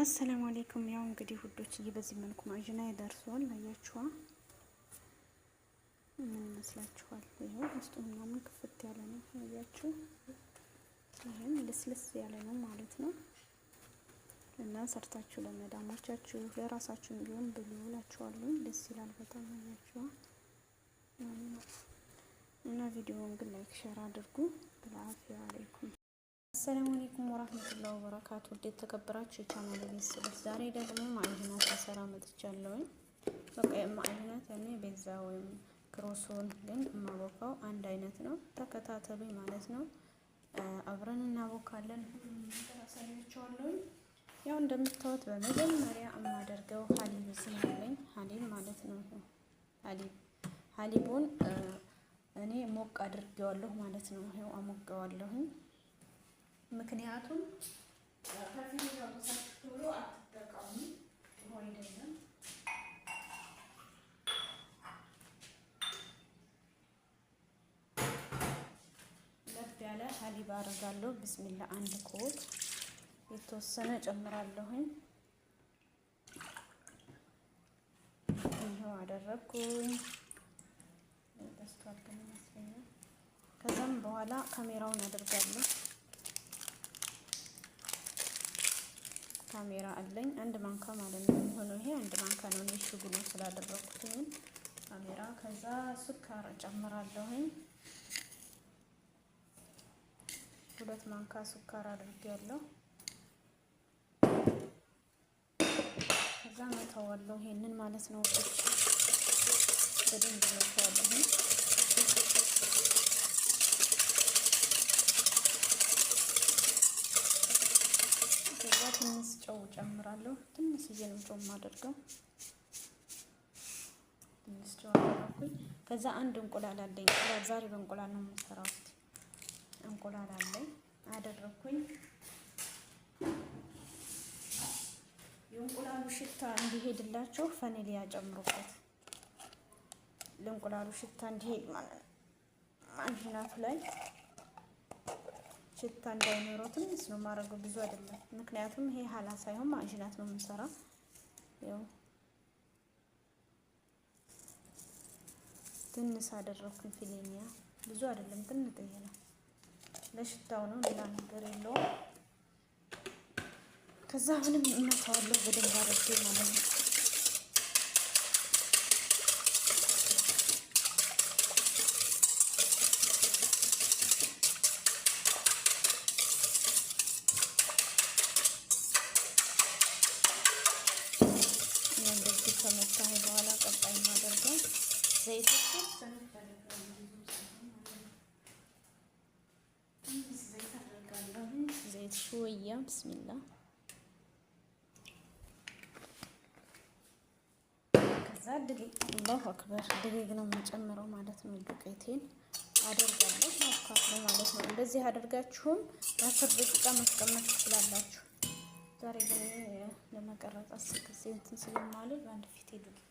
አሰላሙ አሌይኩም። ያው እንግዲህ ውዶች እየ በዚህ መልኩ ማዥና ይደርሷል አያችኋ ምን ይመስላችኋል? ይኸው ውስጡ ምናምን ክፍት ያለ ነው። አያችሁ፣ ይህም ልስልስ ያለ ነው ማለት ነው። እና ሰርታችሁ ለመዳሞቻችሁ ለራሳችሁ ቢሆን ብሉ እላችኋለሁ። ደስ ይላል በጣም አያችኋ። እና ቪዲዮውን ግን ላይክ ሸር አድርጉ። ብልአፍ አለይኩም አሰላሙ አለይኩም ወራህመቱላሂ ወበረካቱ። እንዴት ተከበራችሁ የቻናል ቤተሰቦች፣ ዛሬ ደግሞ ማዕድናት ተሰራ መጥቻለሁኝ። በቃ የማዕድናት እኔ ቤዛ ወይም ክሮሶን ግን የማቦካው አንድ አይነት ነው። ተከታተሉኝ ማለት ነው። አብረን እናቦካለን። ሁሉም ያው እንደምታዩት በመጀመሪያ የማደርገው ሀሊብ እዚህ ሀሊብ ማለት ነው። ሀሊብ ሀሊቡን እኔ ሞቅ አድርጌዋለሁ ማለት ነው። ይኸው አሞቀዋለሁኝ ምክንያቱም ብሎ ለብ ያለ ሀሊባ አድርጋለሁ። ብስሚላ አንድ ኮት የተወሰነ ጨምራለሁኝ። ይኸው አደረግኩኝ። ደስቷል ይመስለኛል። ከዛም በኋላ ካሜራውን አድርጋለሁ ካሜራ አለኝ አንድ ማንካ ማለት ነው የሚሆነው። ይሄ አንድ ማንካ ነው ሽጉኖ ስላደረኩትኝ ካሜራ። ከዛ ስኳር እጨምራለሁኝ። ሁለት ማንካ ስኳር አድርጌያለሁ። ከዛ መተዋለሁ ይሄንን ማለት ነው። እሺ በደንብ መተዋለሁኝ። ጨምራለሁ። ትንሽዬ ነው ጮም አድርገው ትንሽ ጨው አደረኩኝ። ከዛ አንድ እንቁላል አለኝ። እንቁላል ዛሬ በእንቁላል ነው የምሰራው። እንቁላል አለኝ አደረኩኝ። የእንቁላሉ ሽታ እንዲሄድላቸው ፈኔል ያጨምሩበት። ለእንቁላሉ ሽታ እንዲሄድ ማለት ነው ማሽናቱ ላይ ችታ እንዳይኖረው ትንሽ ነው የማደርገው፣ ብዙ አይደለም። ምክንያቱም ይሄ ሀላ ሳይሆን ማዕጅናት ነው የምንሰራ። ያው ትንስ አደረኩኝ ፊሌኛ፣ ብዙ አይደለም፣ ትንሽ ነው ለሽታው ነው፣ ሌላ ነገር የለውም። ከዛ አሁንም እናታዋለሁ በደንብ አድርጌ ማለት ነው። አልአልያ ብስሚላ ከዛ ድቂቅ አላሁ አክበር ድቂቅ ነው የምንጨምረው ማለት ነው። ዱቄቴን አደርጋለሁ ማፍካት ነው ማለት ነው። እንደዚህ አደርጋችሁም አስር ደቂቃ ማስቀመጥ ትችላላችሁ። ዛሬ ግን ለመቀረጽ አስር ጊዜ እንትን ስለማልል በአንድ ፊቴ ዱቄት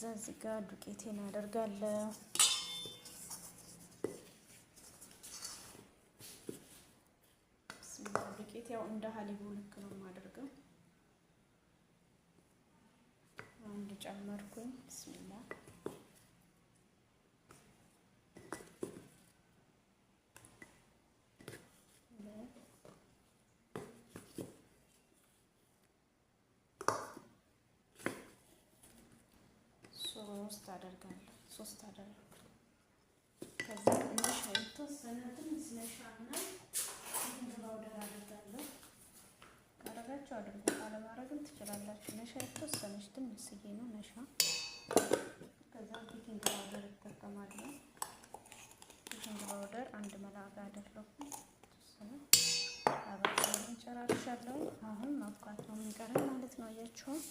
ከዛ እዚህ ጋር ዱቄቴን አደርጋለሁ። ዱቄት ያው እንደ ሀሊቡ ልክ ነው። ውስጥ አደርጋለሁ። ሶስት አደረግኩ። ከዛ ትንሽ የተወሰነ ትንሽ ነሻና ይህን ባውደር አደርጋለሁ። ካደረጋችሁ አድርጉ፣ አለማድረግም ትችላላችሁ። ነሻ የተወሰነች ትንሽ ነው ነሻ። ከዛ ቤኪንግ ባውደር ይጠቀማለሁ። ቤኪንግ ባውደር አንድ መላጋ አደረኩ። የተወሰነ አበቃለን፣ ጨራርሻለሁ። አሁን ማብቃት ነው የሚቀረን ማለት ነው። አያችሁም?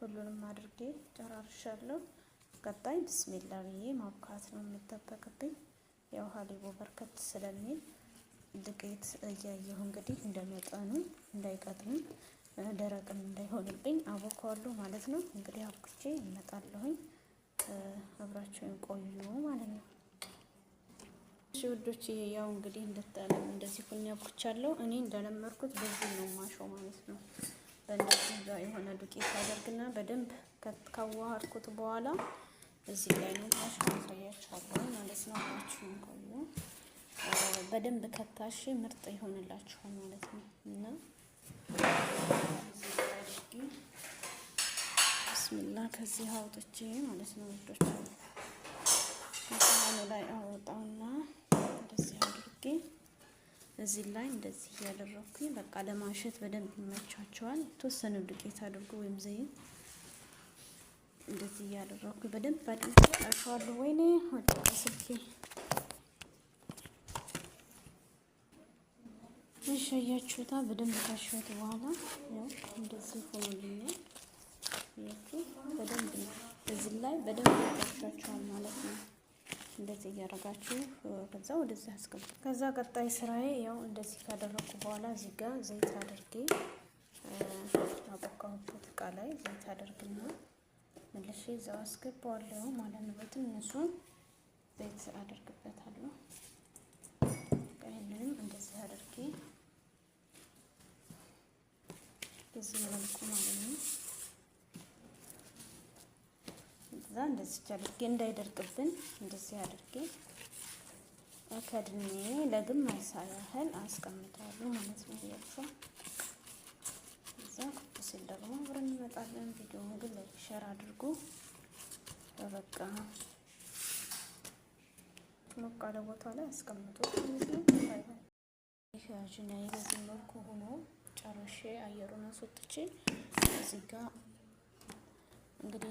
ሁሉንም አድርጌ ጨራርሻለሁ። ቀጣይ ብስሚላ ብዬ ማብካት ነው የሚጠበቅብኝ። የውሃ ሊቦ በርከት ስለሚል ዱቄት እያየሁ እንግዲህ እንደ መጠኑ እንዳይቀጥም ደረቅም እንዳይሆንብኝ አቦካዋለሁ ማለት ነው። እንግዲህ አብኩቼ እመጣለሁኝ። አብራችሁን ቆዩ ማለት ነው። እሺ ውዶች፣ ያው እንግዲህ እንደተጣለም እንደዚህ ሁኝ አብኩቻለሁ። እኔ እንደለመድኩት በዚህ ነው ማሸው ማለት ነው። በእንደዚህ የሆነ ዱቄት አደርግና በደንብ ካዋሃድኩት በኋላ እዚህ ላይ ነው ማለት ነው። ማለት ነው። አብራችሁን ቆዩ። በደንብ ከታሽ ምርጥ ይሆንላችኋል ማለት ነው እና ብስሚላ ከዚህ አውጥቼ ማለት ነው ወዶች ላይ አወጣውና እንደዚህ አድርጌ እዚህ ላይ እንደዚህ እያደረኩኝ በቃ ለማሸት በደንብ ይመቻቸዋል። የተወሰነ ዱቄት አድርጎ ወይም ዘይት እንደዚህ እያደረኩ በደንብ አድርጌ አሸዋለሁ። ወይኔ ወደ ስልኬ እሻያችሁታ በደንብ ካሸሁት በኋላ ያው እንደዚህ ሆኖልኛል። ያችሁ በደንብ ነው እዚህ ላይ በደንብ ያደርጋችኋል ማለት ነው። እንደዚህ እያደረጋችሁ ከዛ ወደዚህ አስገባ። ከዛ ቀጣይ ስራዬ ያው እንደዚህ ካደረኩ በኋላ እዚህ ጋር ዘይት አድርጌ አቦካሁበት እቃ ላይ ዘይት አድርግና መልሼ እዛው አስገባዋለሁ ማለት ነው። በትንሹን ዘይት አደርግበታለሁ። ይህንንም እንደዚህ አድርጌ በዚህ መልኩ ማለት ነው። እዛ እንደዚህ አድርጌ እንዳይደርቅብን እንደዚህ አድርጌ ከድኔ ለግማሽ ሰዓት ያህል አስቀምጣለሁ ማለት ነው። እዛ ሲል ደግሞ አብረን እንመጣለን። ቪዲዮውን ግን ላይክ ሼር አድርጉ። በበቃ ሞቅ ያለ ቦታ ላይ አስቀምጡ። ይህ አጅናዬ በዚህ መልኩ ሆኖ ጨርሼ አየሩን አስወጥቼ እዚህ ጋር እንግዲህ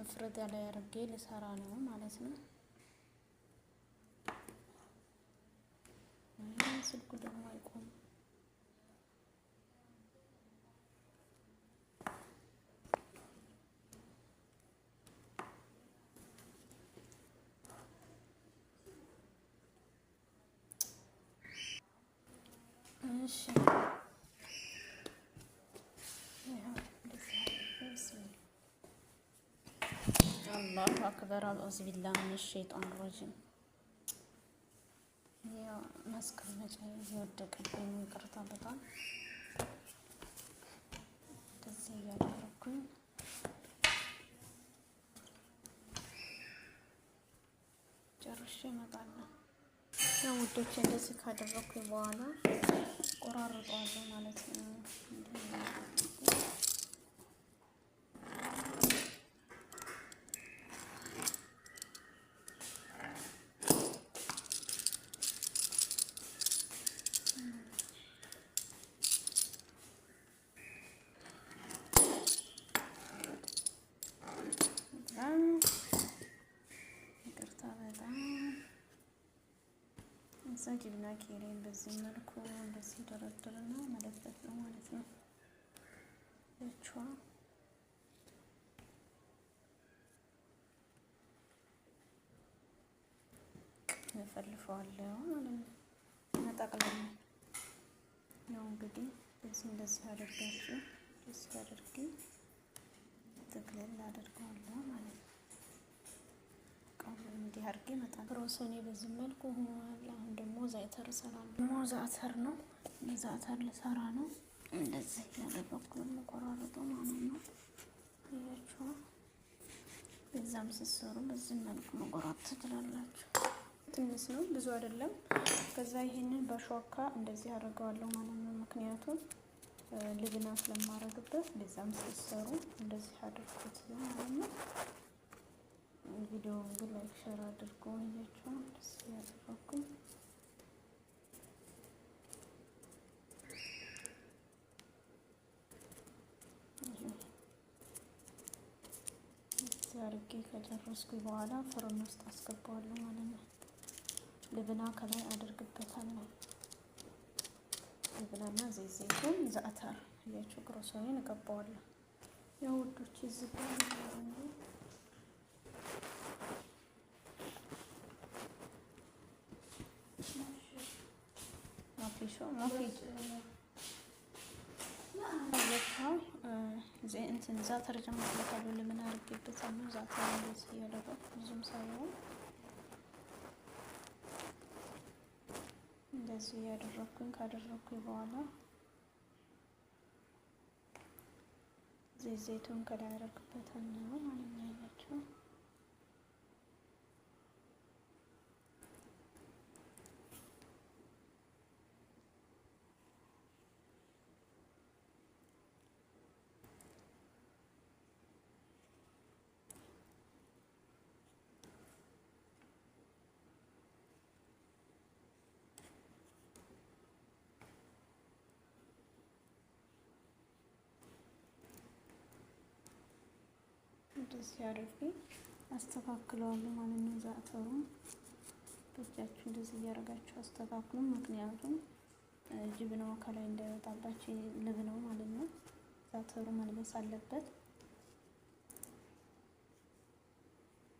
መፍረጃ ላይ አድርጌ ልሰራ ነው ማለት ነው። ስልኩ ደግሞ አይቆም Şimdi. Allah akbar al billahi ያው ማስቀመጫ የወደቀብኝ ይቅርታ በጣም እንደዚህ እያደረኩኝ ጨርሼ እመጣለሁ። ያው ውዶች እንደዚህ ካደረኩኝ በኋላ አቆራርጠዋለሁ ማለት ነው። ጅብና ኬሬን በዚህ መልኩ እንደዚህ ደረድርና መለጠፍ ነው ማለት ነው። እቿ እፈልፈዋለሁ ማለት ነው። መጠቅለል ነው እንግዲህ በዚህ እንደዚህ አደርጋችሁ ደስ ያደርግ ጥቅልል አድርገዋለሁ ማለት ነው። አሁን እንዲህ አድርጌ መጣል ሮሶኔ በዚህ መልኩ ሆኗል። አሁን ደግሞ ዛይተር ሰራ ደግሞ ዛተር ነው ዛተር ልሰራ ነው። እንደዚህ ያለ በኩል መቆራረጡ ማለት ነው። ያችሁ በዛም ስሰሩ በዚህ መልኩ መቆራረጥ ትችላላችሁ። ትንሽ ነው ብዙ አይደለም። ከዛ ይሄንን በሾካ እንደዚህ አደርገዋለሁ ማለት ነው። ምክንያቱም ልብና ስለማረግበት በዛም ስሰሩ እንደዚህ አድርጉት ማለት ነው። ቪዲዮውን ግን ላይክ ሸር አድርጎ እያችሁ ደስ ያደረኩኝ አድርጌ ከጨረስኩ በኋላ ፍርን ውስጥ አስገባዋለሁ ማለት ነው። ልብና ከላይ አደርግበታለሁ። ልብናና ዘይት ዘይቱን ዘአተር እያችሁ ግሮሰሪን እገባዋለሁ። ያው ውዶች ይዝጋል እንትን ዛተር ጀምርበታለሁ። ለምን አድርጌበታለሁ? ዛተር እንደዚህ እያደረኩ ብዙም ሳይሆን እንደዚህ እያደረኩኝ ካደረኩኝ በኋላ ዘይቱን ከላይ እንደዚህ አድርጌ አስተካክለዋለሁ ማለት ነው። ዛፈሩን በእጃችሁ እንደዚህ እያደረጋችሁ አስተካክሉ። ምክንያቱም ነው ከላይ እንዳይወጣባችሁ ልብ ነው ማለት ነው። ዛተሩ መልበስ አለበት።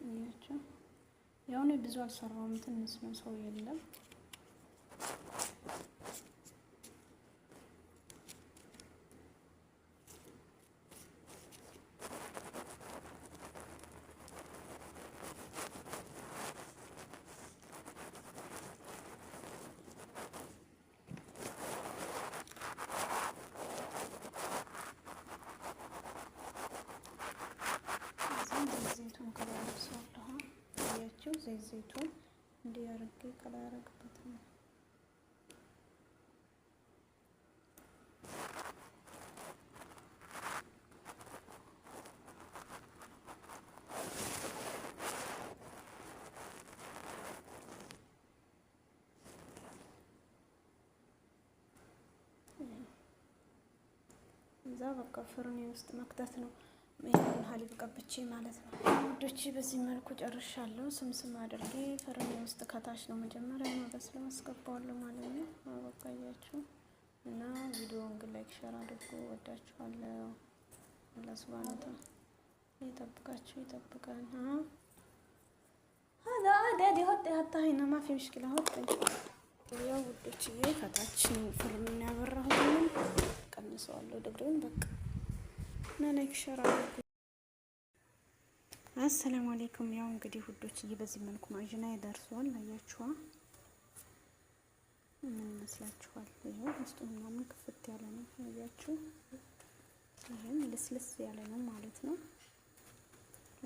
እያቸው ብዙ አልሰራውም፣ ትንሽ ነው፣ ሰው የለም ዘይት ዘይቱን እንዲህ አድርጌ ከላይ አደረግበት ነው። እዛ በቃ ፍርኔ ውስጥ መክተት ነው። ቃሊብ ቀብቼ ማለት ነው። ውዶች በዚህ መልኩ ጨርሻለሁ። ስምስም አድርጌ ፍርን ውስጥ ከታች ነው መጀመሪያ ማበስለው አስገባዋለሁ ማለት ነው። አበቃያችሁ እና ቪዲዮውን ግን ላይክ፣ ሸር አድርጎ ወዳችኋለሁ። ለስባነታ ይጠብቃችሁ ይጠብቃል። ዳዲ ሀታ ያታይና ማፊ ምሽክላ ሆጤ ያው ውዶችዬ ከታች ፍርም የሚያበራሁት ቀንሰዋለሁ ድግሪውን በቃ እና ላይክ ሸር አድርጉ። አሰላሙ አሌይኩም። ያው እንግዲህ ውዶች እየ በዚህ መልኩ ማዕዥና ይደርሷል። አያችኋ፣ ምን ይመስላችኋል? ይኸው ውስጡ ምናምን ክፍት ያለ ነው። አያችሁ፣ ይህም ልስልስ ያለ ነው ማለት ነው።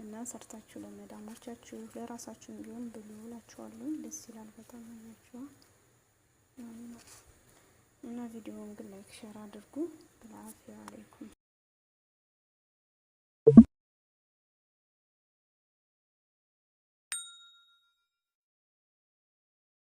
እና ሰርታችሁ ለመዳሞቻችሁ ለራሳችሁ ቢሆን ብሉ እላችኋለሁ። ደስ ይላል በጣም አያችኋ። እና ቪዲዮውን ግን ላይክ ሸር አድርጉ። ብልአፊያ አሌይኩም